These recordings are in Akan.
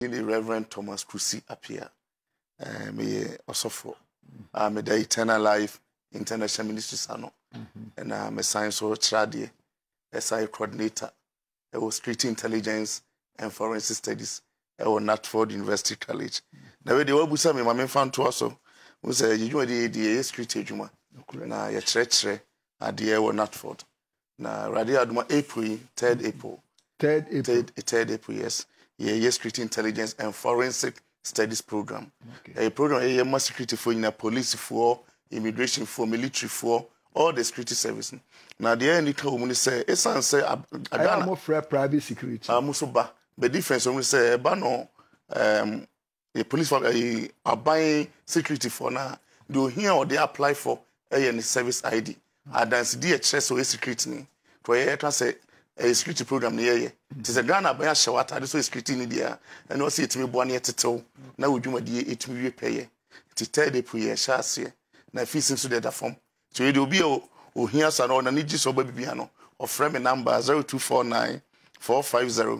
the Reverend Thomas Kusi appear. Eh, me osofo. I'm ah, the Eternal Life International Ministry sano. Mm-hmm. And I'm a science or trade SI coordinator. I was security intelligence and forensic studies. I was Natford University College. Now, mm-hmm. Na we de wabusa me mama mfa nto aso. Wo "You know the ADA, security adwuma. Na ye kyerɛkyerɛ adeɛ wɔ Natford. Na Radia Aduma April, 3rd mm-hmm. April. 3rd April. 3rd April, yes yɛyɛ security intelligence and forensic studies program A program ɛyɛ ma securityfoɔ nyina policefoɔ military, militaryfoɔ all the security service na deɛ ɛni ka wɔn mu ni sɛ esan sɛ agana ɛyɛ mo fɛ private security a ah, mo so ba the difference wɔn mu sɛ ɛba no ɛm yɛ police for ɛyɛ aban security for na deɛ ohia ɔde apply for ɛyɛ ne service id adansi di ɛkyerɛ sɛ ɔyɛ security ni tɔ yɛ ɛka sɛ ɛyɛ eh, security program ne yɛyɛ mm. nti sɛ ghana bɛyɛ ahyɛ wɔ atade so yɛ security ne deɛ ɛne ɔsɛ yɛtumi boa ne yɛtetew na wɔ dwumadie yɛtumi wie pɛyɛ nti third april yɛhyɛ aseɛ na fees nso deɛ da fam nti yɛde obi a ohia sa no ɔnane gye sɛ ɔba bibia no ɔfrɛ me number 0249 450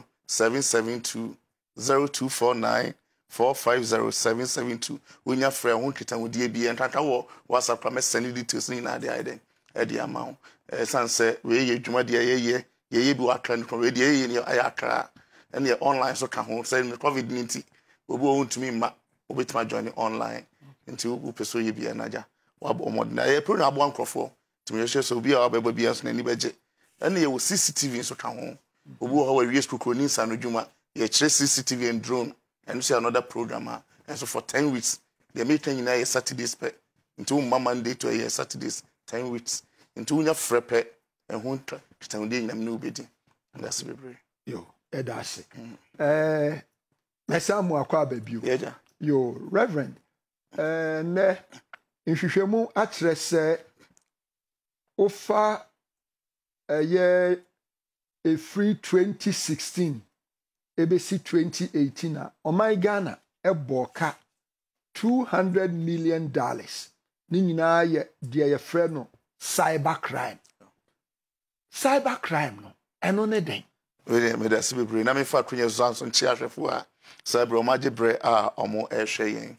frɛ ho nkitahodie bi ntanta wɔ whatsapp kora mɛsɛne details no nyinaa de ayɛ dɛn ɛde ama ho ɛsiane sɛ wei yɛ yɛyɛ yɛyɛ bi wakra ne kɔn deɛ yɛyɛ ne ayɛ akra ɛne online so ka ho sɛ ne covid ne nti obi wɔ ntumi mma obɛtumi adwa ne online nti wopɛ so yɛ bia nagya wabɔ ɔmɔden na yɛ program aboa nkurɔfoɔ tumi yɛhyɛ sɛ obi a wabɛbɔ bia nso n'ani bɛgye ɛne yɛwɔ cctv nso ka ho obi wɔ hɔ wɔ awie skukuro ne nsa no dwuma yɛkyerɛ cctv and drone ɛno so yɛ another program a ɛnso for ten weeks deɛ meka nyinaa yɛ saturdays pɛ nti wo mma monday to ɛyɛ saturdays ten weeks nti wonya frɛ pɛ ɛho kitahudeɛ nyinam ne wobɛdi ndase bebree yo ɛda ase ɛɛ mɛsan mu akɔ aba bio yo reverend ɛɛ nnɛ nhwehwɛmu akyerɛ sɛ wofa ɛyɛ efiri 2016 ebesi 2018 a ɔman ghana ɛbɔ two hundred million dollars ne nyinaa yɛ deɛ yɛfrɛ no cyber crime cyber crime no ɛno ne dɛn. mede ase bebree na mi fa so nso nkye ahwɛfoɔ a cyber ɔmo agye berɛ a ɔmo ɛrehwɛ yɛn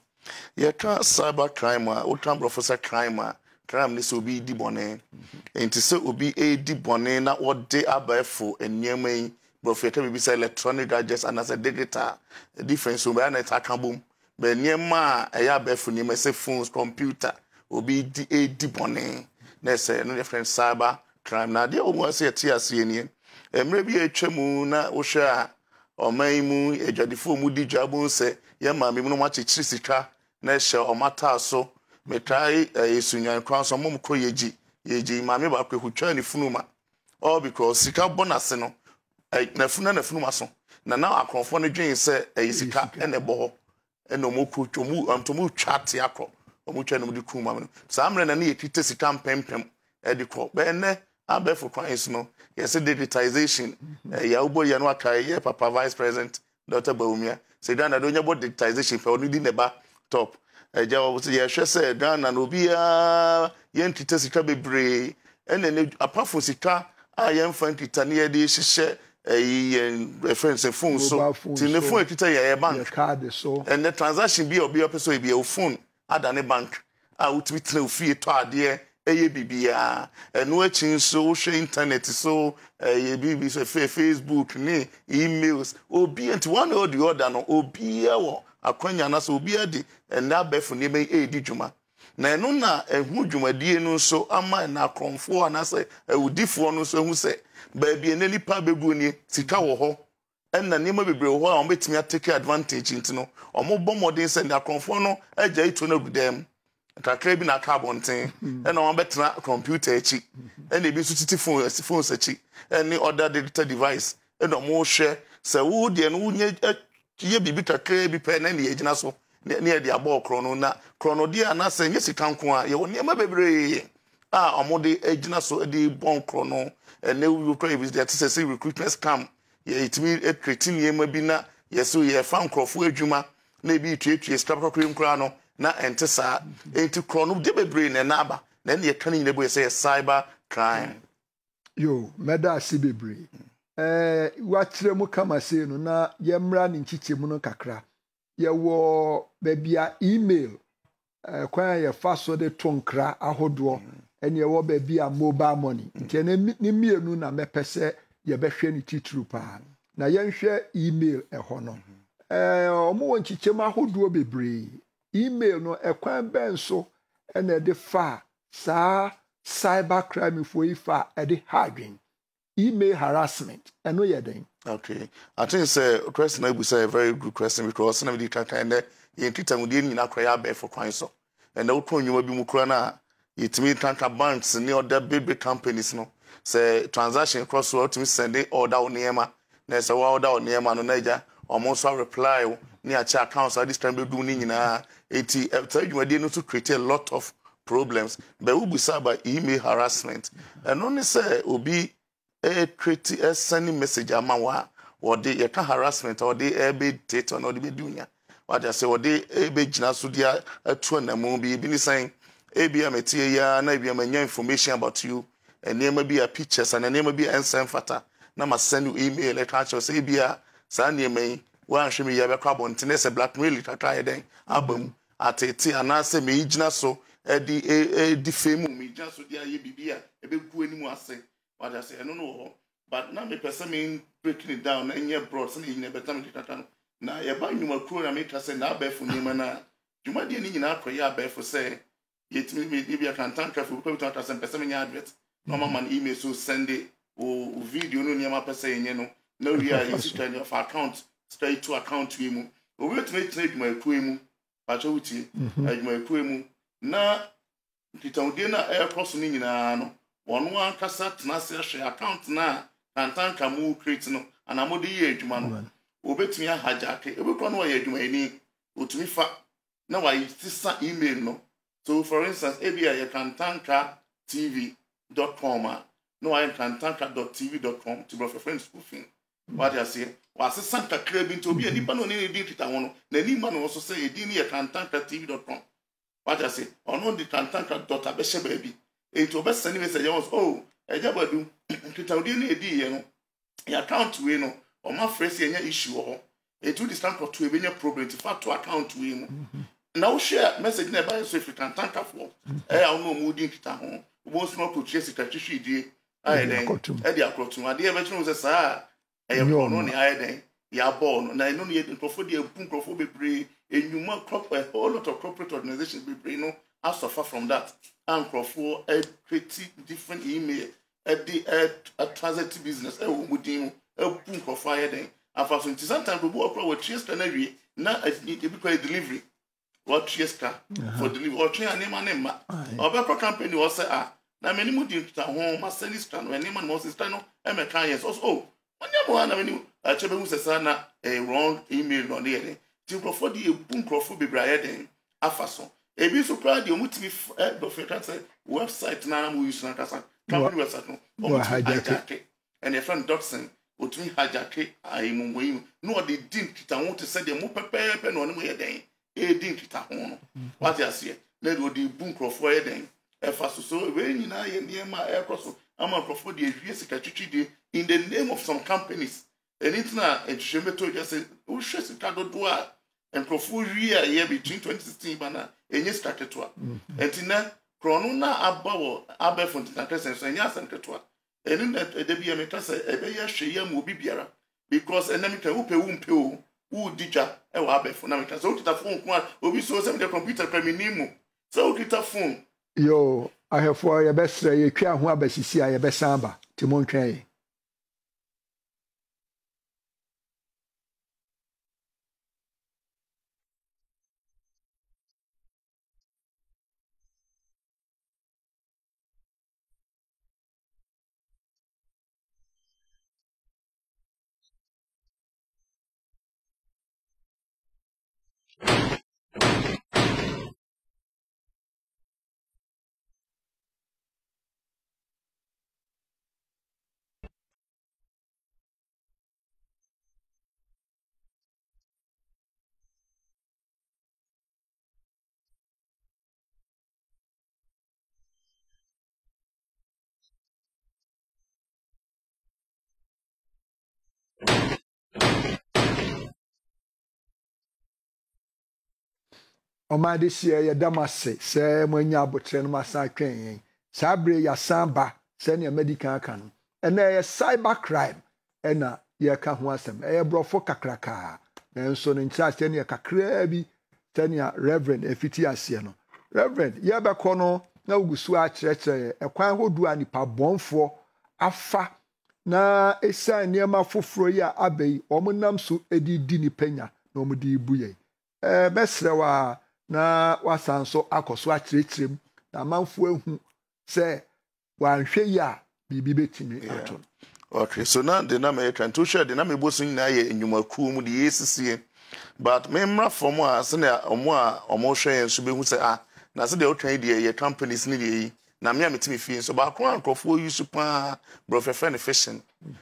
yɛka cyber crime a woka borɔfo sɛ crime a crime ne sɛ obi di bɔne mhm. nti sɛ obi ɛredi bɔne na wɔde abɛɛfo nneɛma yi borɔfo yɛka biribi sɛ electronic gadgets anaasɛ digital difference o bɛyɛ na ɛta aka bom bɛ nneɛma a ɛyɛ abɛɛfo nneɛma sɛ phones computer obi di ɛredi bɔne na ɛsɛ ɛno yɛfrɛ cyber crime na adeɛ wɔn ase ɛte aseɛ nie mmerɛ bi atwa mu na wohwɛ a ɔman yi mu adwadifoɔ mu di dwa bo nsɛ yɛ maame mu no wakyekyere sika na ɛhyɛ ɔmo so metrae esunyan eh, kwan so ɔmo kɔ yɛgyi yɛgyi maame baako ehutwa ne funu ma all because sika bɔ n'ase no eh, na na funu ma so na na no dwen sɛ ɛyɛ sika ɛna hɔ ɛna ɔmo kɔ twa te akɔ ɔmo na ɔmo de kum maame saa mmerɛ na ne yɛ abɛɛfo kwan so no yɛsɛ digitization yɛawobɔ yɛ no aka yɛ papa vice president dr baumia sɛ ghana de onyɛ digitization pɛ ɔno di ne ba top agya wɔ sɛ yɛhwɛ sɛ ghana no obiara yɛntwita sika bebree ɛna ne apafo sika a yɛmfa ntwita ne yɛde hyehyɛ ɛyi yɛn ɛfɛn sɛ phone so ti ne phone ekita yɛ yɛ bank ɛnɛ transaction bi eh, a obi ɔpɛ sɛ ebi yɛ o ada ne bank a wotumi tena ofie tɔ adeɛ ɛyɛ biribiara ɛno akyi nso wohwɛ internet so ɛyɛ bibi sɛ fɛ facebook ne emails obi nti one or the other no obiara wɔ akwanya na so obiara de ɛnna abɛɛfo nneɛma yi ɛredi dwuma na ɛno na ɛho dwumadie no nso ama ɛna akorɔmfoɔ anaasɛ ɛwudifoɔ no nso ɛho sɛ baabi ɛna nipa abɛgu nie sika wɔ hɔ ɛna nneɛma bebree wɔ hɔ a wɔbɛtumi atake advantage nti no wɔbɔ mmɔden sɛ ne akorɔmfoɔ no agya ito no agu dan mu kakra bi na aka abɔnten hmm. ɛna wɔn bɛtena kɔmputa akyi ɛna ebi nso titi phones phones akyi ɛne other digital device ɛna wɔn rehwɛ sɛ wo deɛ no wo nye yɛ biribi kakra bi pɛ na ne yɛgyina so ne yɛde abɔ korɔ no na korɔ no deɛ anaasɛ nye sika nko a yɛwɔ nneɛma bebree a wɔn gyina so de bɔ nkorɔ no ɛna ewu kora ebi deɛ ɛte sɛ sɛ recruitment scam yɛtumi ekireti nneɛma bi na yɛsɛ yɛfa nkorɔfoɔ adwuma na ebi tuatua sika kakra mu koraa no na ɛnte saa ɛnti korɔ no de bebree na ɛna aba na ɛne yɛka no nyina bu sɛ yɛ cyber crime yo mɛda ase bebree ɛɛ wakyerɛ mu kama sei no na yɛmmra ne nkyikyɛ mu no kakra yɛwɔ baabi a email ɛɛ kwan a yɛfa so de to nkra ahodoɔ ɛne yɛwɔ baabi a mobile money nti ɛne ne mmienu na mɛpɛ sɛ yɛbɛhwɛ ne titiri paa na yɛnhwɛ email ɛhɔ no ɛɛ wɔn wɔ nkyikyɛ mu ahodoɔ bebree email no ɛkwan bɛn so ɛna ɛde fa saa cyber crime fo yi fa ɛde ha adwene email harassment ɛno yɛ den. okay i think sɛ question na ebusa a very good question because ɔsɛn na mi di kankan dɛ yɛn tita mu deɛ nyinaa kora yɛ abɛɛ fo kwan so ɛna wotɔ nnwuma bi mu kora na yɛtumi kankan banks ne other big big companies no sɛ transaction kora so ɔtumi sɛnde ɔda wo nneɛma na ɛsɛ wɔda wo nneɛma no na agya ɔmo nso reply ne akyɛ accounts At this time bɛdu ne nyinaa eti ɛtaa dwumadie no to create a lot of problems bɛwo busa ba email harassment ɛno ne sɛ obi ɛɛkreti ɛsɛne message ama wa a wɔde yɛka harassment a wɔde ɛɛbɛ date ɔna wɔde bɛdi nya wɔde asɛ wɔde ɛɛbɛgyina so de atu anamu bi ebi ne sɛn ebi a mɛte yia na ebi a mɛnya information about you nneɛma bi a pictures ana nneɛma bi a ɛnsɛn fata na ma send you email ɛka akyerɛ sɛ ebi a. saa nneɛma yi woanhwɛ me yi abɛkɔ abɔntene sɛ blackmail kakra yɛ dɛn aba mu atete anaasɛ meyi gyina so ɛde e, ɛdi fɛ mu meyi gyina so de ayɛ biribi a ɛbɛgu anim ase wagya sɛ ɛno no wɔ hɔ but na mepɛ sɛ me break ne down na ɛnyɛ broad sɛne ɛnyina bɛta me kakra no na yɛba nnwumakuro na meka sɛ naabɛɛfo nneɛma no a dwumadeɛ no nyinaa kɔyɛ abɛɛfo sɛ yɛtumi bi akantankrafo wopɛ bitumi aka sɛ mpɛ sɛ menyɛ advert na ma no email so sɛnde o video no nneɛma pɛ sɛ yɛnyɛ no na wie a yɛsi transfer account Stay to account yi mu obi tena tena adwumayɛkuo yi mu pakyɛ wotie adwumayɛkuo yi mu na nkitahodie no a ɛrekɔ so no nyinaa no wɔn ankasa tena ase ahwɛ account no a kantanka mu create no anaa mo de yɛ adwuma no obetumi ahagyake ebi kora no wɔyɛ adwumayɛni otumi fa na wɔayɛ sisa email no so for instance ebi a yɛ kantanka tv dot com a na wɔayɛ kantanka dot tv dot com ti bɔ fɛfɛ no school fee wade aseɛ wasesa kakra bi nti obi a nipa na ɔne ne din kita ho no n'ani ma na ɔso sɛ edin no yɛ tantanka tv dot com wade ase ɔno de tantanka dot abɛhyɛ baabi eti ɔbɛsɛn ne message ɛwɔ so o oh, ɛgya badu nkitahodie no edi yɛ no yɛ account wei no ɔma frɛ si ɛnyɛ issue wɔ hɔ eti wodi stamp ɔto ebi problem ti fa to account wei mu na wohwɛ message na ɛba yɛ so efi tantankafoɔ mhm. ɛyɛ a ɔno ɔmo din kita ho ɔmo nso ɔkɔ tue sika twihwi die ayɛ dɛn ɛde akɔtum adeɛ bɛtwi ɛyɛ ɔno ne ayɛ dɛn yɛabɔ ɔno na ɛno no yɛ nkurɔfoɔ de abu nkurɔfoɔ bebree enyuma crop a whole lot of corporate organisations bebree no asɔfa from that a nkurɔfoɔ different email ɛde ɛtransit business a wɔn mu din mu ɛbu nkurɔfoɔ ayɛ dɛn afa so nti sometimes obi wɔ kora wɔtwe sika no awie na ebi kora yɛ delivery wɔtwe sika for delivery ɔtwe a nneɛma ne mma ɔbɛkɔ company wɔ sɛ a na mɛ nimu di ntuta ho ma sɛ ni sika no ɛnneɛma na wɔn sɛ sika no ɛmɛ oh, kan yɛ sɛ ɔsɛ o onye bụ ha na menim achebe hu na eh, wrong email nọ ne yɛde nti nkurɔfoɔ de ebu nkurɔfoɔ bebree ayɛ den afa so ebi nso koraa deɛ ɔmutumi eh, dɔfɛ kan sɛ website na mu use na kasa company website no ɔmutumi hajake ɛna yɛfrɛ no dotson otumi hajake ayimumɔyi mu na ɔde di nkitaho te sɛ deɛ mu pɛpɛɛpɛ na ɔne mu yɛ den edi nkitaho no mm. wate aseɛ na de ɔde ebu nkurɔfoɔ yɛ den ɛfa so so wei nyinaa yɛ nneɛma a ɛkɔ so ama nkurɔfoɔ de awie sika twitwi deɛ in the name of some companies ɛni tena ɛtwitwi mbɛtɔ gya sɛ wohwɛ sika dodoɔ a nkurɔfoɔ wie a yɛ between twenty sixteen ba na ɛnyɛ sika ketewa mhm. ɛti nɛ kurɔno na aba wɔ abɛɛfo ntena kɛsɛn so ɛnyɛ asɛn ketewa ɛni na ɛda bi yɛ mɛka sɛ ɛbɛyɛ hwɛ yɛ mu obi biara because ɛnam kan wopɛ wo mpɛ o wodi dwa ɛwɔ abɛɛfo na mɛka sɛ wokita phone ko a obi so sɛ mede computer pɛ me nim mu sɛ wokita phone. yoo ahwɛfoɔ yɛbɛsrɛ yɛtwa ho abasisi a yɛbɛsan aba nti montwɛn yɛ ɔmaa de hyia yɛda mo ase sɛ moanya abotire no masan atwɛn yɛn saa bere yɛasan ba sɛnea madikan aka no ɛnna ɛyɛ cyber crime ɛna yɛka ho asɛm ɛyɛ borɔfo kakrakaa nanso ne nkyerɛaseɛ no yɛ kakraa bi sɛnea reverend efiti aseɛ no reverend yɛbɛkɔ no na wogu so akyerɛkyerɛ ɛkwan ahodoɔ a nipa bɔnfoɔ afa na ɛsiane nneɛma foforɔ yi a aba yi wɔn nam so edi di nipa nya na wɔn de bu yɛn ɛɛ bɛsrɛ waa. na wasa nso akɔ so mu na amanfoɔ ehu sɛ wanhwɛ yi a biribi bɛtumi ato no. okay so na de na mɛyɛ twɛn to hwɛ de na mɛbɔ so nyinaa yɛ nnwumakuo mu de yɛ sisie but mɛmmra fam a sɛnea ɔmo a ɔmo hwɛ yɛn nso bɛhu sɛ ah na sɛdeɛ ɔtwɛn yi deɛ yɛ companies ne deɛ yi na mmea metumi fie nso baako a nkurɔfoɔ yi so paa borɔfɛfɛ ne fashion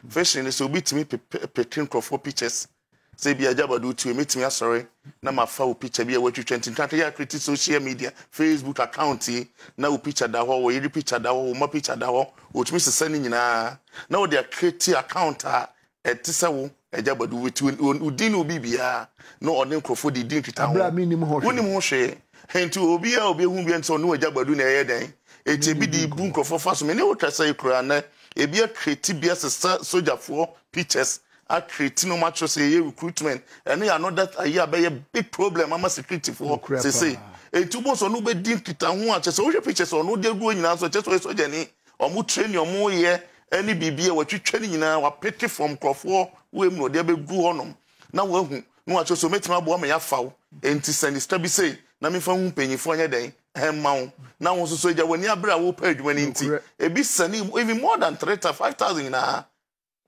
fashion no sɛ obi tumi pete nkurɔfoɔ pictures sɛ bia agya bade wotie mɛtumi asɔre na mafa wo picture bi a woatwitwa nti ntanto yɛ social media facebook account yi na wo picture da hɔ wo yere picture da hɔ wo ma picture da hɔ wɔtumi sesa no nyinaa na wode akreti account a ɛte sɛ wo agya bade wobɛti wo din obi biaa na ɔne nkurɔfoɔ de din twita howonim ho hwee nti obi a obɛhu bia nti ɔne agya badu na ɛyɛ dɛn ɛti ebi de bu nkurɔfoɔ fa so mene wotwa sɛ yi koraa nɛ ebi akreti bi asesa sogyafoɔ pictures acreate no match sɛ ɛyɛ recruitment ɛne another ayɛ a bɛyɛ big problem ama security foɔ sese etu bɔ sɔ no bɛdi nkitaho a kyɛ sɛ wohwɛ pictures ɔno de duro nyinaa so kyɛ sɛ ɔyɛ sɔgyani ɔmo train ɔmo yɛ ɛne biribi a wɔatwitwa no nyinaa wapete from nkurɔfoɔ wɔn mu na ɔde abɛgu hɔnom na wahu na wakyɛ sɛ ɔmɛtumi aboa ma yɛafa wo enti sɛ nisita bi sei na mefa hu mpanyinfoɔ nyɛ dɛn ɛmma wo na wo nso so agya w'ani abere a wɔpɛ adwuma no nti ebi sɛ ne even more than three to five thousand nyinaa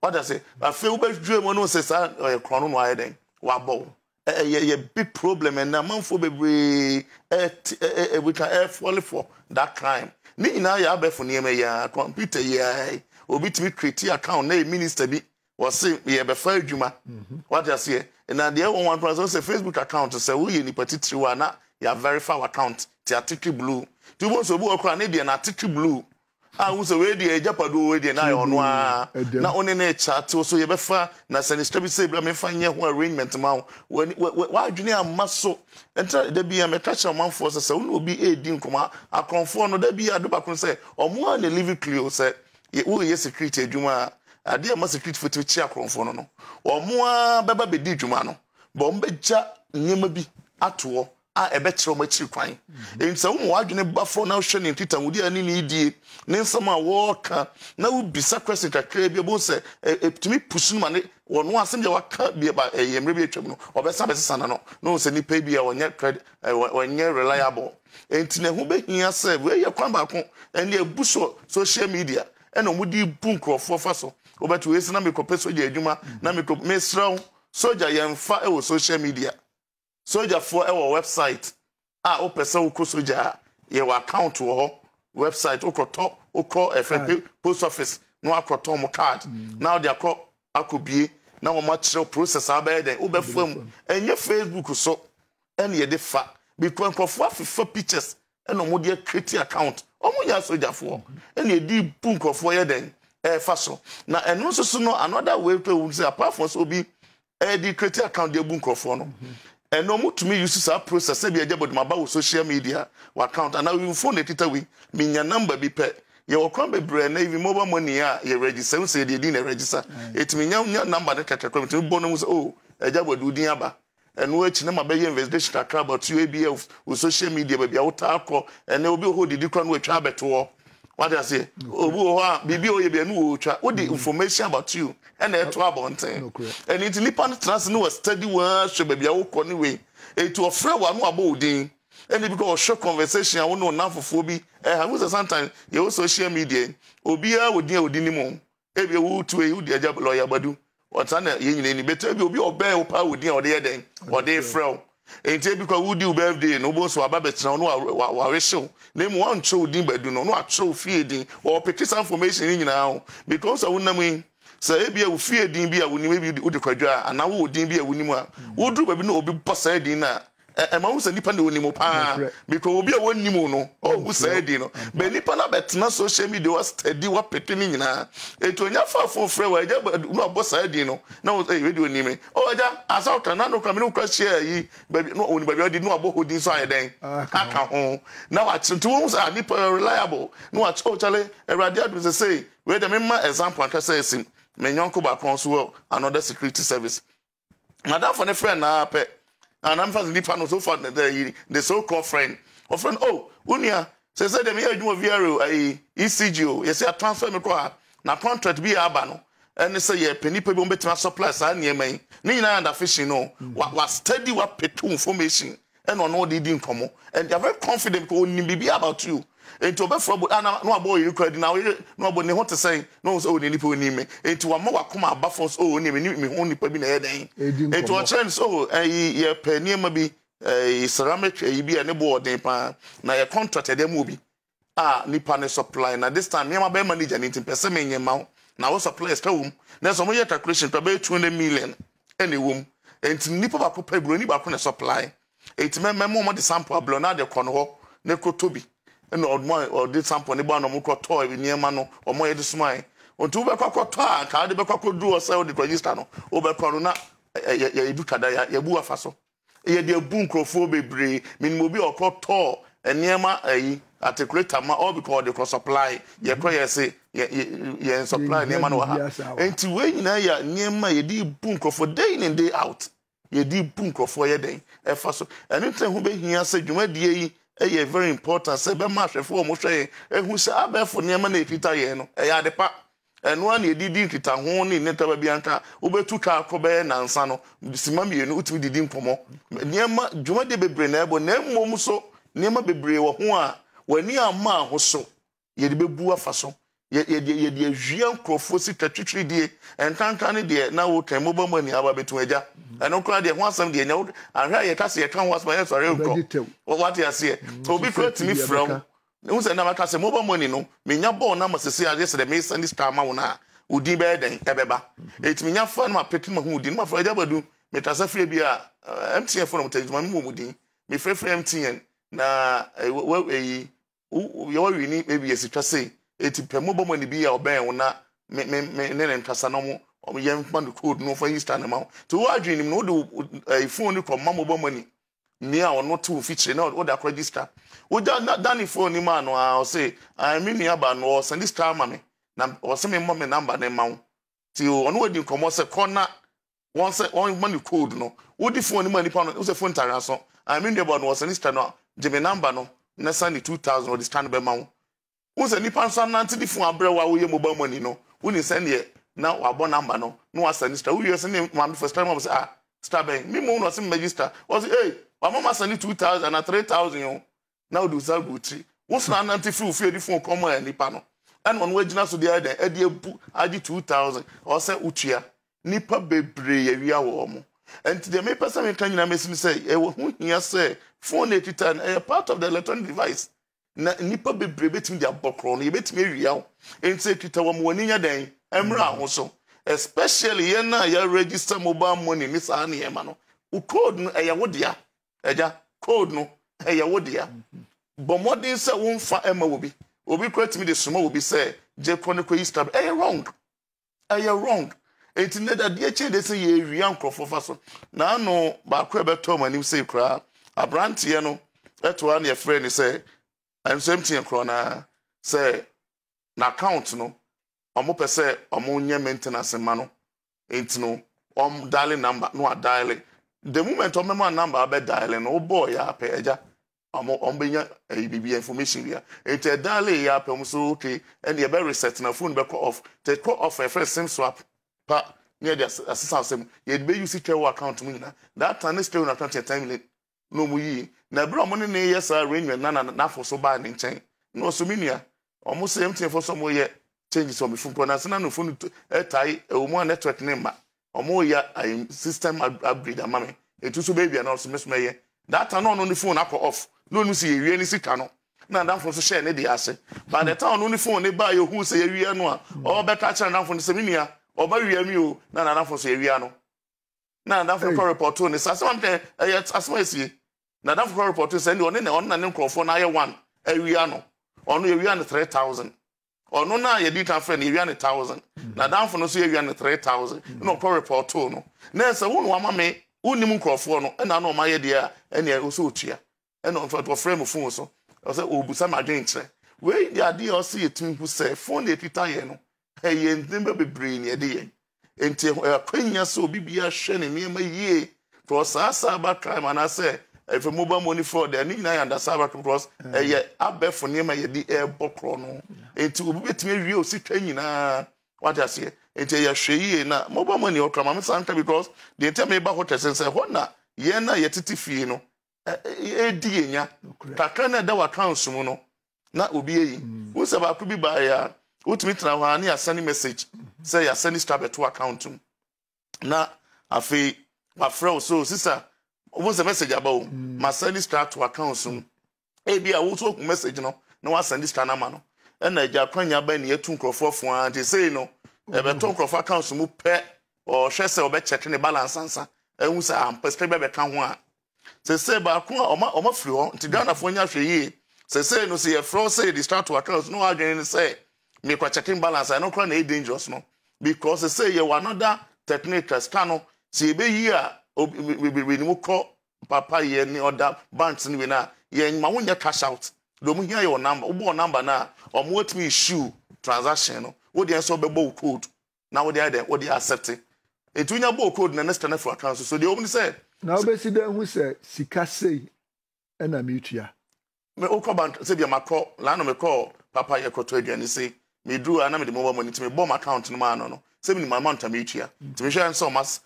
wada sɛ afei wobɛdwire mu no sɛ saa korɔno no ayɛ dɛn wabɔ wo a big problem And ɛnɛ amanfoɔ bebree ɛbutwa ɛfɔle for that crime ne nyinaa yɛ abɛfo nneɛma yia computer yia eh. obi tumi create account eh, minister na yɛ minister bi wɔsi yɛbɛfa adwuma wada seɛ na deɛ wɔn wɔn atɔn sɛ facebook account sɛ woyɛ nipa titiri wa na yɛ verify account ti atikiri blue ti wɔn nso obi wɔ kora ne deɛ na atikiri blue ahu sɛ wei deɛ agyapado wei deɛ naayɛ ɔno a na wone ne ɛkya tew so yɛbɛfa na sɛ nestra bi sɛ bra memfa nyɛ ho arrangement ma wo waadwene amma so ɛntra da bi a mɛka kyerɛ ɔmanfoɔ sɛ sɛ wone obi ɛɛdi nkɔmmɔ akorɔmfoɔ no da bi a adobako sɛ ɔmo a ne live cleo sɛ woyɛ security adwuma eh, a adeɛ ma security foto kyi akorɔmfoɔ no no ɔmo a bɛba bɛdi dwuma no bɔ ɔmo bɛgya nneɛma bi atoɔ a ɛbɛkyerɛ ɔmo akyiri kwan ɛnti mhm. sɛ wɔn adwene bafoɔ na ahwɛ ne ntita wɔde ani ne yidie ne nsɛm a wɔɔka na wɔbisa kwɛsi kakra bi ɛbɔ sɛ ɛtumi e, e, pusu ma ne wɔn asɛm deɛ waka bie ba ɛyɛ e, mmerɛ bi atwam no ɔbɛsa bɛsesa na no na wɔn sɛ nipa bi a wɔnyɛ credit ɛwɔ wɔnyɛ reliable ɛnti na ɛho bɛhia sɛ wɔyɛ kwan baako ɛne ɛbu so social media ɛna wɔn de bu nkurɔfoɔ fa so wɔbɛto wɔyɛ sɛ na mekɔpɛ sogya adwuma na mhm. mekɔ mesrɛw sogya yɛmfa ɛwɔ social media sogyafoɔ wɔ website a wopɛ sɛ wokɔ sogya a yɛwɔ account wɔ hɔ website wokɔtɔ wokɔ ɛfɛ post office na wakɔtɔ mo card mm. na wode akɔ akɔbie na wɔn akyerɛw process a bɛyɛ dɛn wobɛfa mu ɛnyɛ facebook so ɛne yɛde fa because nkurɔfoɔ afefa pictures ɛna wɔn de akreti account wɔn yɛ asogyafoɔ mm. ɛna yɛde bu nkurɔfoɔ yɛ dɛn ɛɛfa so na ɛno nso so no another way to wɔn sɛ apart from so bi ɛɛde kreti account de abu nkurɔfoɔ no. Mm -hmm ɛnna wɔn tumi use saa process ɛbi ɛgya bɔdum aba wɔ social media wɔ account anaa wɔn phone na ɛtita wi minya number bi pɛ yɛwɔ kwan bebree na ebi mobile money a yɛ register n sɛ yɛde din na register mm. etumi nya nya number ne kakraka etumi bɔ ne ho sɛ o oh, ɛgya bɔdum din aba ɛno akyi na ma bɛyɛ investigation kakra about you ebi wɔ social media baabi a wɔtaa akɔ ɛnna obi wɔ hɔ didi kora no wɔatwa abɛtoɔ wade aseɛ obi wɔ hɔ a biribi a ɔyɛ bia ne wɔɔtwa wode information about you And ɛto uh, abɔnten ɛno nti nnipa no tena ase ne wɔ study waa hwɛ baabi a wokɔ ne wei ɛnti ɔfrɛ wo ano abɔ wo din ɛne bi kɔ ɔhwɛ conversation a wo ne wo nam fofoɔ bi ɛha wo sɛ sometimes yɛwɔ social media Obi, wɔ din a wɔdi ne mu ebi wotu eyi wodi agya lɔya badu ɔta na yɛn nyina ni bɛtɛ bi obi ɔbɛn wo paa wɔ din a ɔde yɛ dɛn ɔde frɛ wo nti ebi kɔ wudi wo birthday na obo so aba bɛtena no wawehyew na mu wɔntwerɛw din badu no na watwerɛw fie din wɔpeke sa information no nyinaa ho because a wonam yi sɛ ebi a wo fie din bi a wonim ebi wode kwadwa anaa wowɔ din bi a wonim a woduru baabi na obi bɔ saa din ɛma eh, eh, wo sɛ nipa na onim paa because obi a wɔnim no ɔhu saa di no bɛ nipa na bɛtena social media wa wastadi wapete no nyinaa ɛti onya fa fo frɛ wɔ agya no abɔ saa di no na wo ɛyɛ eh, radio nim ɔ asa wotɔ na nokora me ne wokora hyia yi baabi na ɔnim baabi ɔde no abɔ hɔ nso ayɛ dɛn aka ho na wakyerɛ tu wohu sɛ ah, nipa reliable na wakyerɛ ɔkyale awurade adum sɛ sei wei dɛ mema example anka sɛ ɛsim menyɔnko baako nso wɔ another security service madamfo ne frɛ na pɛ and I'm fast nipa no so far the the, the so called friend or friend oh wonia say sɛ deɛ meyɛ adwuma viaro ayi ecg o yɛsɛ transfer me kɔ na contract bi aba no and say ye nipa um, bi wɔbɛtumi asupply saa nneɛma eh, yi ne nyinaa under fishing no mm. wa wa steady wa petu information ɛna ɔno ɔde di nkɔmɔ and they are very confident ko onim bi about you nti ɔbɛfrɛ bo ana na wabɔ oyiri kura di na oyiri na wabɔ ne ho te sɛn na ɔmo sɛ ɔwɔ oh, ne nipa ɔni mi nti wama wakoma aba fɔ so oh, ɔwɔ ne mi mi ho nipa bi na ɛyɛ dɛn nti ɔkyerɛ no so oh, ɛyi yɛ pɛ nneɛma bi ɛyi ceramic ɛyi bi a ne bo ɔden paa na yɛ contract ɛdɛm wɔ bi a nipa ne supply na this time nneɛma bɛyɛ manager ne nti mpɛsɛ mi nyɛ ho na wɔ supply ɛsɛ wɔm na sɛ ɔmo yɛ calculation pɛ bɛyɛ two hundred million ɛna ɛwɔm nti nipa baako pɛ buroni baako ne supply nti mɛmɛ mo ɔmo de sample ablɔ na de ne koto bi ɛna ɔmo ɔde sampo ne ba na ɔmo kɔ tɔɔ nneɛma no ɔmo yɛ de soma yi nti wobɛkɔ akɔ tɔ a kaa de bɛkɔ akɔ duro ɔsɛ ɔde register no wobɛkɔ no na yɛ yɛ edu kada yɛ yɛbu afa so yɛ de ebu nkurɔfoɔ bebree minimu obi a ɔkɔ tɔɔ nneɛma ayi atikuleta ma all because ɔde kɔ supply yɛkɔ mhm. yɛ se yɛ yɛ supply nneɛma no wɔ ha nti wei nyinaa yɛ nneɛma yɛde bu nkurɔfoɔ day in and day out yɛde bu nkurɔfoɔ yɛ den ɛfa so ɛne tɛn ho bɛhia sɛ dwumadie yi ɛyɛ very important sɛ bɛma ahwɛfoɔ a wɔhwɛ yɛn ehu sɛ abɛɛfo nneɛma na epita yɛn no ɛyɛ ade pa ɛnoa na yɛdidi nkitaho ne nnetaba bi anka wobɛtu twa akɔ bɛyɛ nansa no sima mmienu wotumi didi nkɔmɔ nneɛma dwumadie bebree na ɛbɔ na mmom so nneɛma bebree wɔ ho a w'ani ama ahosuo yɛde bɛbu afa so yɛde yɛde awia nkurɔfoɔ si tatwitwiri die ntanta mm-hmm. mm-hmm. ne deɛ na wotɛn mobɔ mu ani aba bɛtum agya ɛno koraa deɛ ho asɛm deɛ nyɛ ahwɛ a yɛka se yɛka ho asɛm yɛsɔre nkorɔ wate aseɛ obi koraa tumi frɛ wo ne ho sɛ nam sɛ mobɔ mu ani no menya bɔɔl no ama sese adeɛ sɛ dɛ mesane star ma wo no a wodin bɛyɛ dɛn ɛbɛba ɛtumi nya fa no ma pete ma ho wodin no mafrɛ agya badu metasa fie bi a eh, mtn fo no mtadwuma me mu din mefrɛfrɛ mtn na ɛyi eh, yɛwɔ wini ebi yɛsitwa sei eti pɛmu bɔmɔ ni bi yɛ ɔbɛn wo na me me me ne ne ntwasa na mu ɔmo yɛn mfa no code no ɔfa easter na ma ho te wo adwene nim na wode ɛyi phone no kɔ mma mo bɔmɔ ni nea ɔno te wo fikyire na wode akɔ register wogya dani phone ni ma no a ɔse ɛmi nua ba no ɔsɛn register ama me na ɔse me mmɔ me number ne ma wo te ɔno wadi nkɔmɔ sɛ kɔ na wɔn sɛ wɔn ma ne code no wodi phone ni ma nipa no wosɛ phone ntare aso ɛmi nua ba no ɔsɛn register no gye me number no na san ne two thousand ɔde stand bɛma wo wọn sɛ nipa nso anante ne fun abrɛ wa woyɛ mobile money no wọn ni sɛndeɛ na wabɔ namba no na wasɛ ne star woyɛ sɛndeɛ maame fɛ star maame sɛ ah star bɛn mi mu na ɔsi mmɛgyi star ɔsi ee wama ma sɛ two thousand na three thousand yɛn na ɔde osa gu ti wọn sɛ anante fi ofie ne fun kɔn mu a yɛ nipa no ɛna ɔno agyina so deɛ ɛdɛ ɛde ebu agye two thousand ɔsɛ otua nipa bebree yɛ wia wɔ ɔmo nti deɛ mepɛ sɛ meka nyinaa mesi ne sɛ ɛwɔ ho hia sɛ phone ekita no ɛyɛ part of the electronic device na nnipa bebree bɛtumi de abɔ korɔ no yɛbɛtumi awia wo nti kita wɔ mowani nya dɛn mmerɛ ho so especially yɛn a register mobile money ne saa nneɛma no wo code no ɛyɛ wo dea agya code no ɛyɛ wo dea bɔ mmɔden sɛ womfa ɛma wɔ bi obi kora tumi de soma wɔ bi sɛ gye kɔ ne kɔyi stab ɛyɛ wrong ɛyɛ wrong nti ne dadeɛ kyɛn de sɛ yɛawia nkurɔfoɔ fa so naano baako a ɛbɛtɔ ɔmanim sei koraa aberanteɛ no ɛtoa ne yɛfrɛ ne sɛ ɛnso same thing korɔ na sɛ na account no ɔmo pɛ sɛ ɔmo nyɛ maintenance ma no nti no ɔmo dialing number no a dialing the moment ɔmo ma number abɛ dialing Oh boy, ya apɛ ɛgya ɔmo ɔmo bɛ nya ɛyi bibi information ya. nti ɛdialing yɛ apɛ ɔmo so okay ɛni ɛbɛ reset na phone bɛ kɔ off te kɔ off ɛfɛ same swap pa ne yɛ de asesa asɛm you see bɛ account mu that time ne sɛ twɛ wɔ account yɛ na ɔmu yie na ɛberɛ ɔmo ne ne yɛ saa renewal na na n'afɔ so baa ne nkyɛn na ɔsɔmi nua ɔmo sɛ ɛmu tiɛfo so ɔmo yɛ changes ɔmo funu na asena no funu ɛtae ɛwɔ a network ne mma ɔmo ya ayɛ system upgrade ama mi etu so beebi a na ɔsɔmi sɔmi yɛ data na ɔno ne phone akɔ off na ɔno si yɛwie ne sika no na adanfo nso hyɛ ne de ase by the time ɔno ne phone ne baa yɛhu sɛ yɛwie no a ɔbɛka kyerɛ adanfo no sɛ mi nua ɔba wia mi o na adanfo nso yɛwia no na adanfo kɔ report to ne sa asɛm na kwa report sɛ ne ɔne na ɔne ne nkurɔfoɔ no ayɛ one awia no ɔno yɛwia no three thousand ɔno na a yɛdi kan fɛ no yɛwia no thousand hmm. na adamfo no nso yɛwia no three thousand hmm. na ɔkɔ report no na sɛ wo na wama me wonim nkurɔfoɔ no ɛna na ɔma yɛ deɛ a ɛne ɔsɛ ɔtua ɛna ɔfrɛ mu fon so ɔsɛ ɔbusa me adwene kyerɛ wei de adeɛ a ɔsɛ yɛtumi hu sɛ fon na ɛtwita yɛ no ɛyɛ nneɛma bebree na yɛde yɛ nti akwanya sɛ obi biara hwɛ ne nneɛma yie tɔ saa saa ba crime anaasɛ efi mobile money fraud ɛne nyinaa and the cyber crime cross ɛyɛ abɛɛfo nneɛma yɛde ɛɛbɔ korɔ no nti obi betumi awie osi twɛ nyinaa wate aseɛ nti ɛyɛ hwɛ yie na mobile money ɔkura maame san twɛ because deɛ ntɛm eba hɔ tɛsɛn sɛ hɔ na yɛn na yɛtete fie no ɛɛdi yɛn nya kakra na ɛda wa accounts mu no na obi eyi wosɛ baako bi baa yɛ a wotumi tena hɔ a ne yasɛn message sɛ yasɛn star bɛto account mu na afei wafrɛ o so sisa wọ́n sẹ mẹ́sẹ̀gì àbá o mm. ma sẹ́ndí star to account so um. ebi eh, a wọ́n kún mẹ́sẹ̀gì no na wọ́n sẹ́ndí star nàmà no ẹnna e ẹ̀jẹ̀ akwanya bẹ́ẹ̀ ni ẹtu e nkurọ̀fọ́ fún wa ti say no ẹ̀bẹ̀ e tó mm. nkurọ̀fọ́ account mu pẹ́ ọ̀hwẹ́ sẹ́ ọ̀bẹ̀ kyẹ̀kẹ́ ne balance ansa ẹ̀hún sẹ́ àmpẹ́sẹ́ ah, bẹ́ẹ̀ bẹ́ẹ̀ ka ho a sẹ́sẹ́ baako a ọma ọma firi hɔ nti ghana fo nya hwɛ yie sẹ́sẹ́ no sẹ́ yɛ frɔ sẹ́ yɛ start to account no wa adwene ne sɛ mekwa kyɛkẹ́ balance I ɛno kora na ɛyɛ dangerous no because sẹ́ yɛ wɔ another technique scan no sɛ yɛ bɛ bebree ne mu kɔ papa yɛ ne ɔda banks ne bi na yɛn ma wɔn nyɛ cash out deɛ ɔmo hia yɛ wɔn number ɔbɔ wɔn number na ɔmo wɔtumi issue transaction no wɔde nso bɛbɔ wɔn code na wɔde ayɛ dɛ wɔde accept etu nya bɔ wɔn code na ne stand for account so deɛ ɔmo ne sɛ. na ɔbɛsi dɛ ɛhu sɛ sika sei ɛna mi tua. mɛ okɔ bank sɛbi ɛma kɔ laanu mi kɔ papa yɛ kɔtɔ aduane sei mi duru anamidi mobile money ti mi bɔ ɔmo account no mu ano no sɛbi ni ma amount a mi tua ti mi hwɛ nso ɔmo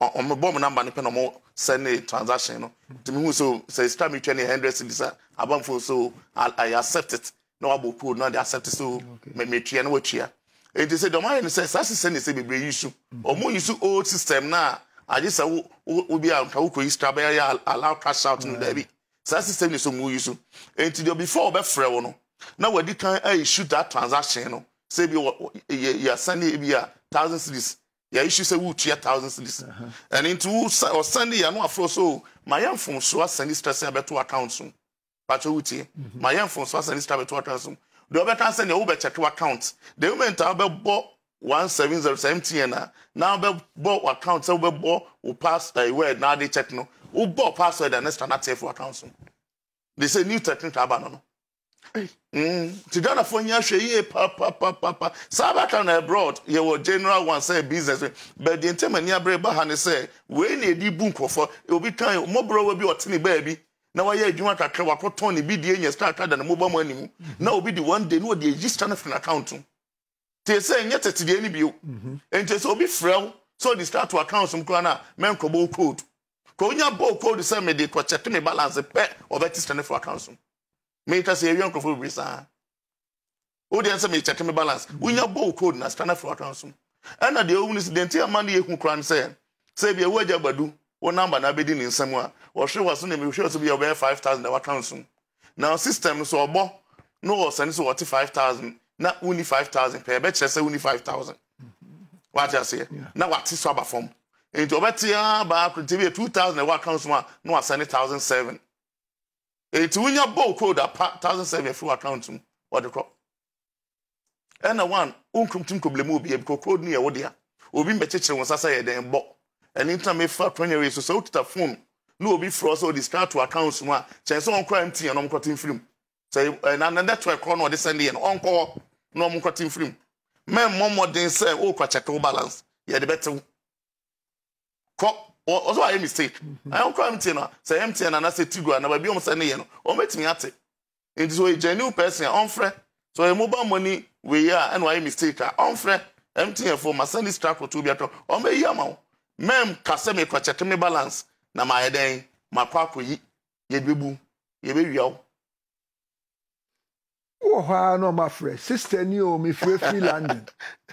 ɔmo bɔ ɔmo namba no pɛ na ɔmo send ne transaction no nti mi hu so sɛ sika mi twɛ ne hundred cedi sa abanfo so i i accept it na wabɔ pool na de accept it so mɛ mɛ tuya na watua eti sɛ dɔm ayɛ ni sɛ saa sisɛ ne sɛ bebree yi so mm. ɔmo yi so old system na agye sɛ wo wo obi a nka wokɔ yi sika bɛyɛ yɛ allow cash out no daabi saa system ne so mo yi so eti deɛ before ɔbɛfrɛ wo no na wadi kan ɛyi shoot that transaction no sɛ ebi wɔ yɛ ebi a thousand cedis Yeah, yɛ isu sɛ wotua thousand cities ɛne nti or Sunday, yɛn no aforo so my ma yɛn mfonso asɛn de stress abɛto account so patro mm-hmm. My ma yɛn mfonso asɛn de stress abɛto account so deɛ ɔbɛka sɛ deɛ check to account the moment a bought one seven zero seven mtn a na wobɛbɔ account sɛ wobɛbɔ wo password na ade check no bought password a ne stress na teɛ fo account so de sɛ new technique aba no no nti mm. ghanafoɔ nyɛ ahwɛ yie papapapa saa bɛka na abroad yɛwɔ general one sɛ business but deɛ ntɛm ani abere ba ha ne sɛ wei na ɛdi bu nkurɔfoɔ obi twan mmɔborɔwa bi ɔte ne baabi na wayɛ adwuma kakra wakɔtɔn ne bi deɛ nya sika kakra da ne mobile money mu mhm. na obi de one day na ɔde register no firi n'account mu te sɛ nyɛ tetedeɛ no bio mhm. nti sɛ obi frɛ wo sɛ ɔde sika to account mu koraa no a mɛnkɔbɔ code ka onya bɔ code sɛ mede kɔkyɛte me balance pɛ ɔbɛte sika no firi account metwa sɛ yɛwia nkurɔfoɔ bebree saa wodeɛ sɛ mekyɛke me balance wonya bɔ wo code na strana firi watwan so ɛna deɛ wowu no si deɛ nti ama no yɛhu koraa no sɛ sɛ bia woagya gbadu wo namba na abɛdi ne nsɛm a wɔhwe wɔ so ne mehwɛ so bia wɔbɛyɛ 5000 na watwan so na system no so ɔbɔ na wɔsɛne so wɔte 5000 na woni 5000 pɛ ɛbɛkyerɛ sɛ woni 5000 wate aseɛ na wate so aba fam nti ɔbɛtea baa koro nti bia 2000 na watwan so a na wasɛne 1007 nti wonya bɔɔl kuro da pa thousand seven afiri account mu wɔde kɔ ɛna one wonkuntum kɔbilemu obi ebi kɔkɔɔ ni ɛwɔ dea obi mbɛkyekyere wɔn sasa yɛ dɛn bɔ ɛne ntina mefa kɔnyɛ wei so sɛ wokita phone na obi frɔ sɛ ɔde sika to account mu a kyɛn sɛ ɔnkora mtn na ɔmkɔte mfirim sɛ ɛna na network hɔ na ɔde sɛn deɛ no ɔnkɔ hɔ na ɔmkɔte mfirim mɛ mmɔmmɔden sɛ wokɔ kyɛkɛ wo balance yɛde bɛtew kɔ ɔsɛ wayɛ mistake ayɔnkora mtn a sɛ mtn anaasɛ tigo na baabi ɔm sɛ ne yɛ no ɔmɛtumi ate nti so ɔyɛ genuine person ah, a ɔmfrɛ sɛ ɔyɛ mobile money wei a ɛna wayɛ mistake a ɔmfrɛ mtn fo ma sɛne stra koto bi atɔ ɔmɛyi ama wo mɛm ka sɛ mekɔkyɛke me balance na eh, ma maayɛ dɛn makɔ akɔyi yɛbɛbu yɛbɛwia wo wowɔ hɔ a na ɔmafrɛ sister ni o mefrɛ free london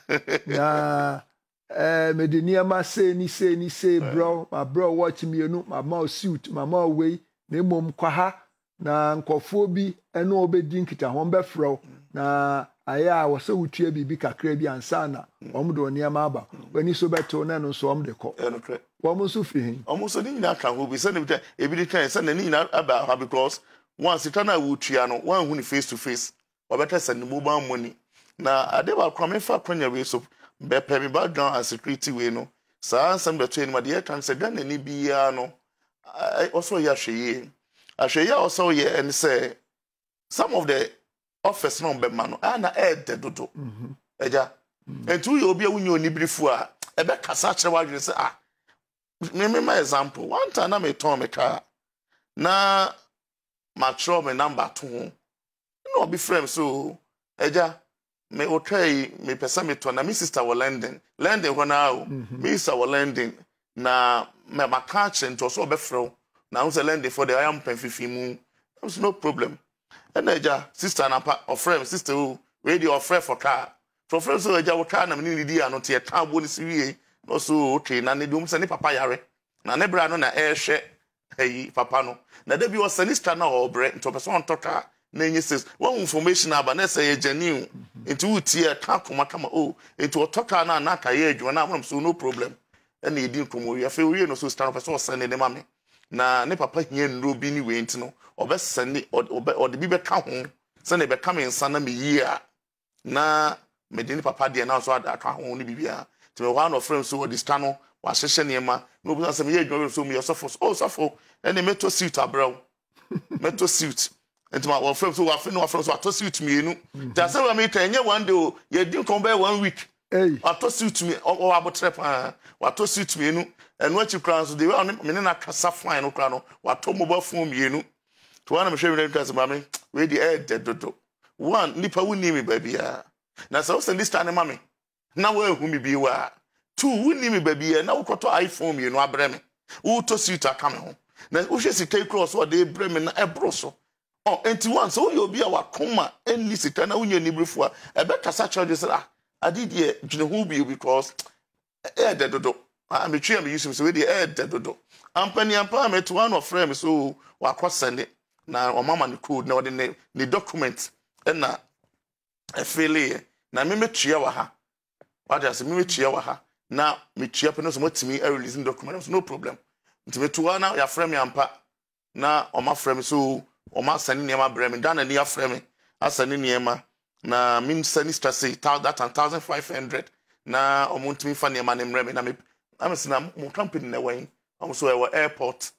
na Uh, eh, mede nneɛma sei ni sei ni sei eh. brɔ ma bro watch mmienu my mouth suit ma na ha na nkɔfoɔ bi ɛna ɔbɛdi nkitahɔn na ayɛ a wɔsɛ wotua biribi kakra bi na mm. wɔn de nneɛma aba mm. w'ani so bɛtew na ɛno nso wɔn de kɔ wɔn nso ka bi sɛ ne bi ebi because na no face to face bɛpɛ me background and security wey no saa nsɛm dɛto anim adeɛ ɛka sɛ ghanani biara no ɔsɛ ɔyɛ ahwɛyie ahwɛyie a ɔsɛ ɔyɛ ɛne sɛ some of the office na ɔbɛma no a na ɛɛdɛ dodo ɛgya mhm. mhm. nti woyɛ obi a wonyɛ onibirifo a ɛbɛkasa akyerɛ w'adwene sɛ ah mmemme example one time na metɔn me kaa na matwerɛ me number to ho na ɔbi frɛ so oh, ɛgya me otwa yi mepɛ me metɔ na me sister wɔ london london hɔ naa o mhm. me sister wɔ london na mɛ maka akyerɛ nti ɔsɛ ɔbɛfrɛ wo na ahosɛ london fɔ de ayɛ mpɛn fifi mu ɛnso no problem ɛna agya sister napa ɔfrɛ me sister o wei deɛ ɔfrɛ fɔ kaa fɔfrɛ so agya wɔ kaa na me ne ne di ano teɛ kaa bo ne si wie na ɔsɛ otwe oh, na ne dom sɛ ne papa yare na ne bra no na ɛɛhwɛ ɛyi papa no na da bi ɔsɛ ne sister na ɔɔbrɛ nti ɔpɛ sɛ ɔntɔ kaa n'enye six wɔn information aba na ɛsɛ yɛ genuine mhm. nti wuti yɛ ka akoma kama o oh, nti ɔtɔ kaa na anaka yɛ adwuma na amonam so no problem ɛna yɛ di nkɔmɔ yi afei oye no so star pɛ sɛ ɔsɛn ne ne ma na ne papa hiɛ nnuro bi ne wei nti no ɔbɛsɛn ne ɔbɛ ɔde bi bɛka ho sɛnea ɛbɛka mi nsa na mi yie a na mɛde ne papa deɛ naa so aka ho ne biribiara nti mɛ wɔn a n'ɔfrɛ nso wɔde star no wahyehyɛ nneɛma na obi sɛ sɛ mi yɛ adwuma bi nso mi yɛ ɔsɔfo oh, suit abrɛw mɛtɔ suit nti ma wɔfrɛ so wafe ne wafrɛ so atɔ siwt mmienu nti asɛ wa meka ɛnyɛ one day o yɛdi nkɔm bɛyɛ one week watɔ siwt mi ɔwɔ abotrɛ paa watɔ siwt mienu, ɛno akyi koraa nso deɛ ɔne mene na kasa fae no koraa no watɔ mobile phone mmienu nti wɔn anam hwɛ mi na nka sɛ maame wei eh, deɛ ɛyɛ dɛ dodo one nipa wunni mi baabiara na sɛ wosɛ lista ne ma me na wɔahu mi bi wa two wunni mi baabiara na wokɔtɔ iphone mmienu abrɛ me wotɔ siwt aka me ho na wohwɛ sika yi koraa ɔso ɔde brɛ me na ɛboro so ɔ oh, nti one So you'll be ah, a wakoma ɛnli sika na wonyɛ niberefo a ɛbɛkasa kyerɛ de sɛ ah ade deɛ dwene ho bio because ɛyɛ dɛ dodo metwe a meyusum sɛ wedeɛ ɛyɛ dɛ dodo ampaniampa a metoa na ɔfrɛ me so wakɔ sɛne na ɔmama ne code na ɔde ne ne document ɛna ɛfeleeɛ na memɛtua wɔ ha wade ase memɛtua wɔ ha na metua pɛ no sɛ matumi arelease ne document no problem nti metoa na yɛafrɛ me ampa na ɔmafrɛ me so wɔn asɛne nneɛma brɛ me ghana ni afrɛ me asɛne nneɛma na mim sani strɛse that and thousand five hundred na wɔn ntumi fa nneɛma ne mmerɛ me na mi, na me sena mo company na wɔn wɔn nso ɛwɔ airport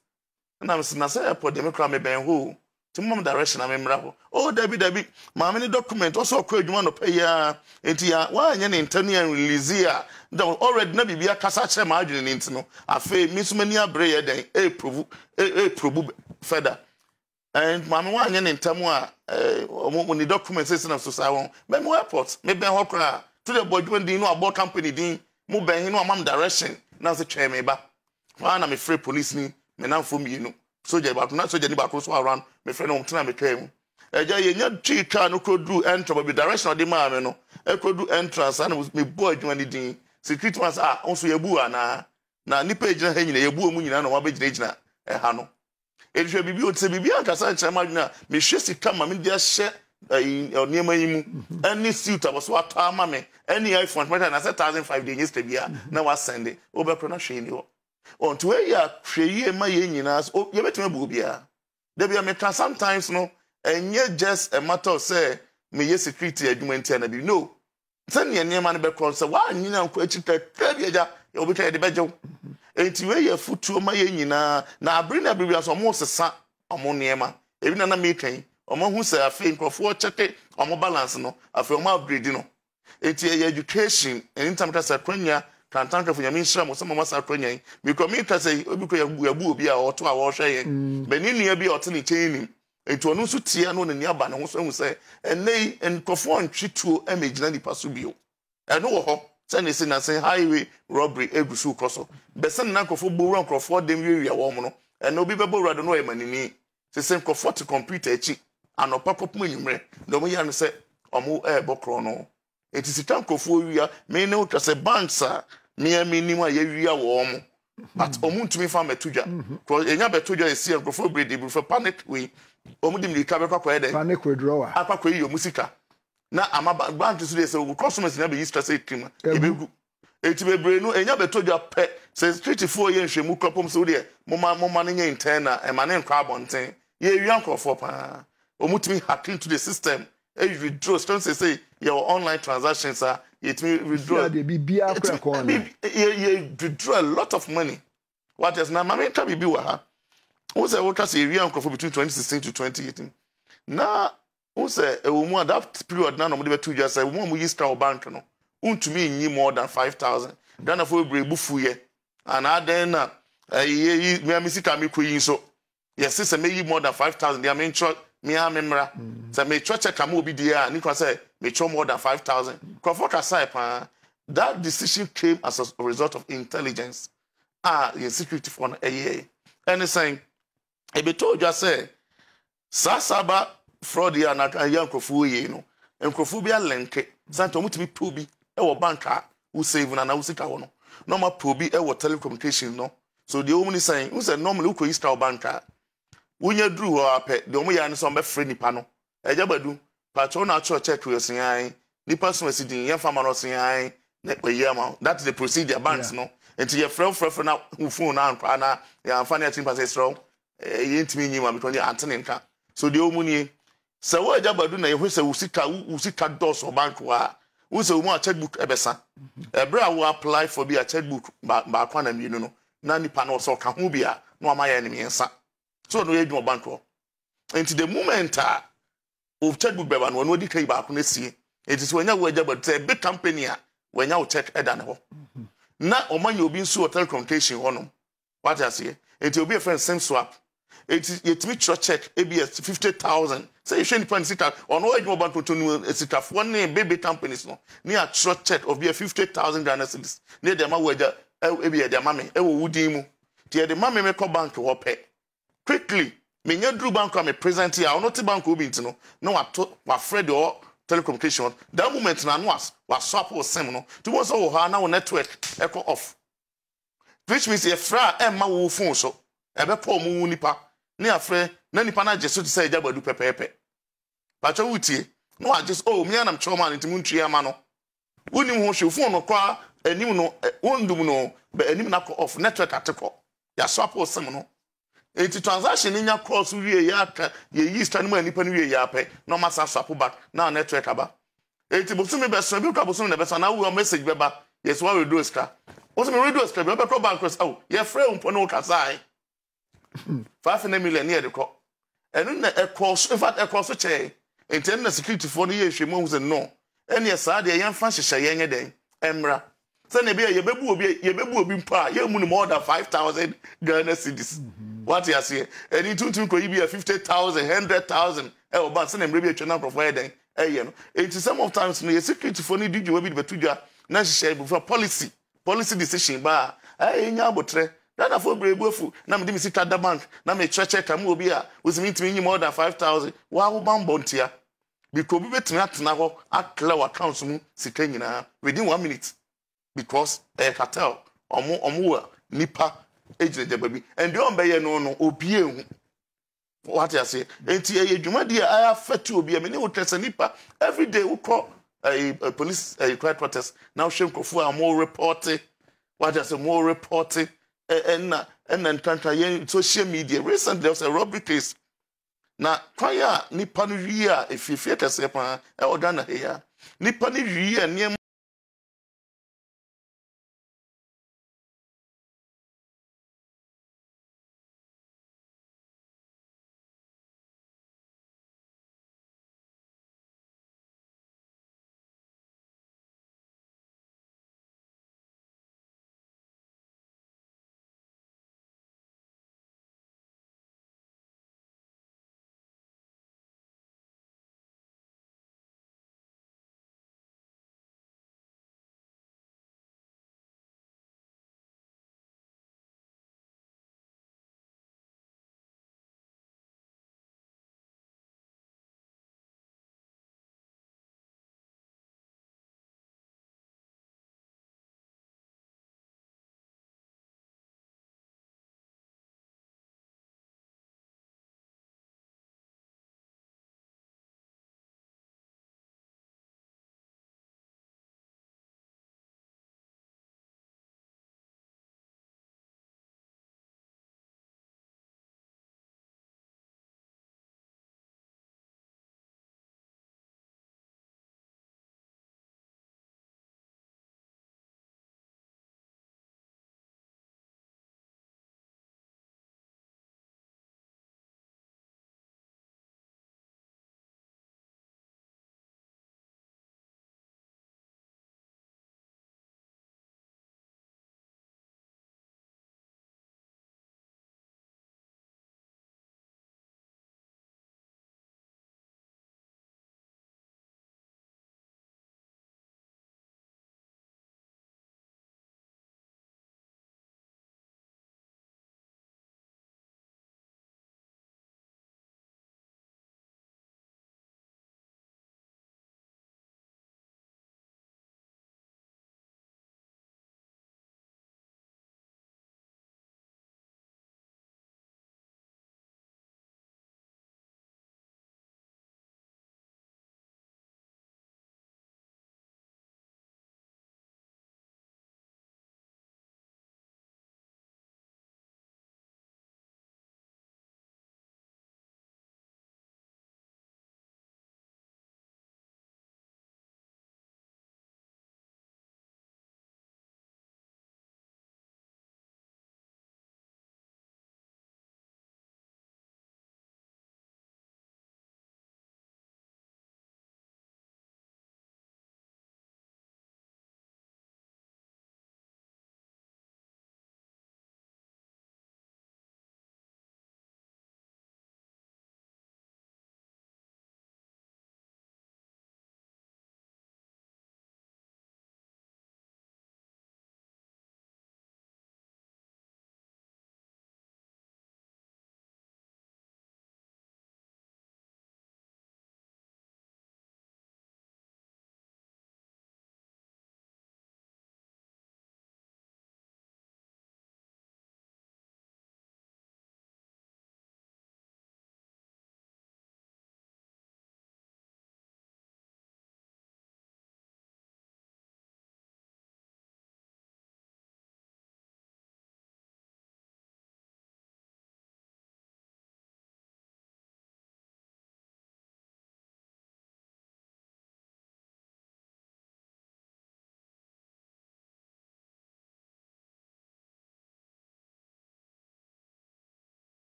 na me sena sɛ airport deɛ me kora me hoo ti mu mam direction na mi mmra hɔ oh dabi dabi maame ne document ɔsɛ ɔkɔ adwuma no pɛyɛ a nti ya wɔanyɛ ne ntɛni a release a da already na bibi akasa kyerɛ maa adwene ne nti no afei mi nso m'ani abere yɛ e ɛɛprobu ɛɛprobu fɛda. Eh, maame wa anyɛ ne ntam a ɔmo eh, ne documents esi na so saa wɔn bɛn mo airport me bɛn hɔ koraa to de bɔ adwuma din no abɔ company din mo bɛn hin no amam direction na se twɛn me ba wɔn na me fere police ni me nanfo mmienu soja baako na soja ni baako so around me fere no wɔn tena me twɛn mu ɛgya yɛ nya twi twa no kuro du entrance baabi direction ɔde maa me no ɛkuro du entrance ana me bɔ adwuma ne din security man sɛ a ah, ɔnso yɛ bu anaa na nipa gyina ha nyinaa yɛ bu ɔmo nyinaa na wɔn abɛgyinagyina ɛha no ɛhwɛ biribi ɔte biribi ankasa nkyɛn ma adwene a mehwɛ sika ma mede ahyɛ eh, eh, nneɛma yi mu ɛne suit a wɔso atɔ ama me ɛne iphone mɛta na sɛ thousand five de nyɛ sika bi a na wasɛnde wobɛkorɔ na hwee ni hɔ ɔnto ɛyɛ a hwɛ yie ma yɛn nyinaa so yɛbɛtumi abu obiara dabi a meka sometimes no ɛnyɛ just a matter of sɛ meyɛ security adwuma ntia na bi no sɛnea nneɛma no bɛkorɔ sɛ waanyina nkɔ akyi tɛtɛ bi agya obi ka yɛde bɛgyew nti wei futuo ma yɛn nyinaa na abere na biribi aso ɔmo sesa ɔmo nneɛma ebi nana meekan ɔmo ho sɛ afei nkurɔfoɔ kyɛte ɔmo balance no afei ɔmo abiridi no nti ɛyɛ education ɛni ntam ka sɛ akonya kantankrafo nyame nhyira mo sɛ mama sa akonya yi mikɔ mi ka sɛ obi kɔ yabu yabu obi a ɔto a wɔhwɛ yɛn mm. bɛni nua bi a ɔte ne kyɛn nim nti ɔno nso tie no ne ne aba ne ho sɛ ɛnɛ yi nkurɔfoɔ ntwituo ɛmɛ gyina nipa so bio ɛno wɔ hɔ sɛne si na sɛ highway robbery egu so kɔ so bɛsɛ na nkurɔfoɔ bɔ wura nkurɔfoɔ dɛm wiawia wɔn no ɛna obi bɛbɔ wura do no ɔyɛ manini sɛ nkurɔfoɔ te kɔmputa akyi anɔpa kɔpem enyimrɛ na wɔn yɛ no sɛ wɔn ɛɛbɔ korɔ no eti sika nkurɔfoɔ wia mii ne wotwa sɛ banks a mia mi nim a yɛwia wɔn mo but wɔn mm-hmm. ntumi fa mɛto dwa kurɔ enya bɛto dwa esi nkurɔfoɔ bebree de ebi fɛ panic wei wɔn de mirika bɛkɔ akɔyɛ dɛ panic withdrawal akɔkɔ yi wɔn sika na amaba branch so deɛ sɛ customers na bɛyi stress ɛtim e ɛbɛgu e eti bebree no enya bɛtɔ dwa pɛ sɛ securityfoɔ yɛ nhwɛmu kura pɔm sɛ wodeɛ moma moma no nyɛ ntɛn na ɛma ne nkɔ abɔnten yɛwia nkurɔfoɔ paa wɔn tumi hack into the system ɛyi e withdraw stress say say your online transactions a yɛtumi withdraw yɛ yɛ withdraw a lot of money What is na maame ntwa be wɔ ha wosɛ wotwa sɛ yɛwia nkurɔfoɔ between 2016 to 2018. eighteen na wo sɛ ɛwɔ mu a that period na na wɔde bɛto dwa sɛ wɔn a wɔyi sika wɔ bank no ntumi nyi more than five thousand ghanafoɔ bebree bu fu yɛ anaa dan na ɛyɛ yi mmea mi sika mi kɔ yi nso yɛsi sɛ meyi more than five thousand deɛ mentwɛ mmea mi mmra sɛ metwɛ kyɛ kama obi die a ne kura sɛ metwɛ more than five thousand nkurɔfoɔ kasaɛ paa that decision came as a result of intelligence ah, a yɛn security foɔ no ɛyɛ ɛne sɛn ebi to dwa sɛ saa saa ba fraud yi anayɛ nkurɔfoɔ yie no nkurɔfoɔ bi alɛnke sanni wɔn tumi pɛ obi wɔ bank a wosave na na wosika hɔ no na wɔn apɛ obi wɔ telecommunication no so deɛ wɔn ni sɛn n sɛ normally wokɔ register wɔ bank a wonya duru hɔ apɛ deɛ wɔn yɛ ano sɛ nipa no ɛgya badu patro na atwerɛ check yɛ sian nipa so esi din yɛn fama no sian na ɛyɛ ama that is the procedure banks no nti yɛfrɛ frɛfrɛ na phone na nkwa na yɛn afa ne yɛ ti nipa sɛ ɛsrɛ ɛyɛ ntumi nyi ma bitɔn yɛ antene nka so deɛ wɔn nie sɛ wo agya badu na yɛhwɛ sɛ wo sika wo sika dɔɔso banko a wo sɛ wo mu a checkbook ɛbɛsa mhm. ɛberɛ a wo apply for bi a checkbook baako ba mmienu no na nipa no sɛ ɔka ho bi a na wama yɛ ne mmiɛnsa so ɔno yɛ adwuma banko nti the moment a wo checkbook bɛba no ɔno adi kai baako no sie nti sɛ wɔanya wo agya badu sɛ ɛbɛ company a wɔanya wo check ɛda ne hɔ mhm. na ɔma nyɛ obi nso wɔ telecommunication hɔnom wate aseɛ nti obi yɛ fɛn sim swap nti yɛtumi kyerɛ check ebi yɛ fifty thousand sɛ yɛhwɛ nipa no sika ɔno adwuma ba ntoto no sikafoɔ ne baby companies no ne akyerɛ check of bia 50000 ghana cedis ne yɛde ama wo agya ebi yɛde ama me ɛwɔ wo din mu nti yɛde ma me mekɔ bank hɔ pɛ quickly menya duru bank a me present a ɔno te bank obi nti no na wato wafrɛ deɛ ɔ telecommunication that moment na no wasɔ apo sim no nti wɔn sɛ wɔ ha na wo network ɛkɔ e off which means yɛfrɛ e a ɛmma e wo phone so ɛbɛpɔ ɔmo nipa ne afrɛ na nipa no agye so te sɛ agya badu pɛpɛɛpɛ bàtwa wotie na wagye so oh mmea m kyerɛ ma no nti montue ama no wonim ho hwɛ fon no koraa anim no eh, wondum no bɛ anim no akɔ off network ate kɔ yɛaso apɔ sem no eti transaction ni nya cross wie ya aka ye yi star ni ma ni ya apɛ na ma sa na network aba eti bosu mi bɛ so bosu na so na ba in fact so nti ɛna sikiritifoɔ no yɛ ehwɛ mu ohun sɛ no ɛna saa deɛ yɛn fa hyehyɛ yɛn yɛ dɛn ɛmra sɛnea ebi yɛ yɛbɛbu obi yɛbɛbu obi mpo a yɛn mu no more than five thousand ghana cedis wate aseɛ ɛni tuntum kɔ yi bi yɛ fifty thousand hundred thousand ɛwɔ ban sɛnea mmerɛ bi atwa na nkorɔfoɔ yɛ dɛn ɛyɛ no eti some of times no yɛ sikiritifoɔ no di dwa bi de bɛtu dwa na hyehyɛ ebufa policy policy decision ba, ɛyɛ nya abotire ghanafoɔ bebree bu afu na mede me sika da bank na mekyerɛkyerɛ ka mu obi a osimi ntumi nyi more than five thousand wɔawo bambɔ ntia because obi bɛtumi atena hɔ aklɛ wɔ accounts mu sika nyinaa within one minute because ɛyɛ eh, cartel Omo ɔmo wɔ nipa gyinagyina baabi and deɛ ɔmbɛyɛ no no obi ehu wate ase nti ɛyɛ dwumadie a ayafɛte obi ɛmɛ ne wo twɛ sɛ nipa everyday wokɔ ɛɛ eh, eh, police ɛɛ cry protest Now, wohwɛ nkurɔfoɔ a mo repɔte wate ase mo More reporting, and and ntantan yɛn social media recently there was a robbery case na kwan a nnipa no wie a efiefie kɛseɛ paa ɛwɔ ghana ha yi no wie nneɛma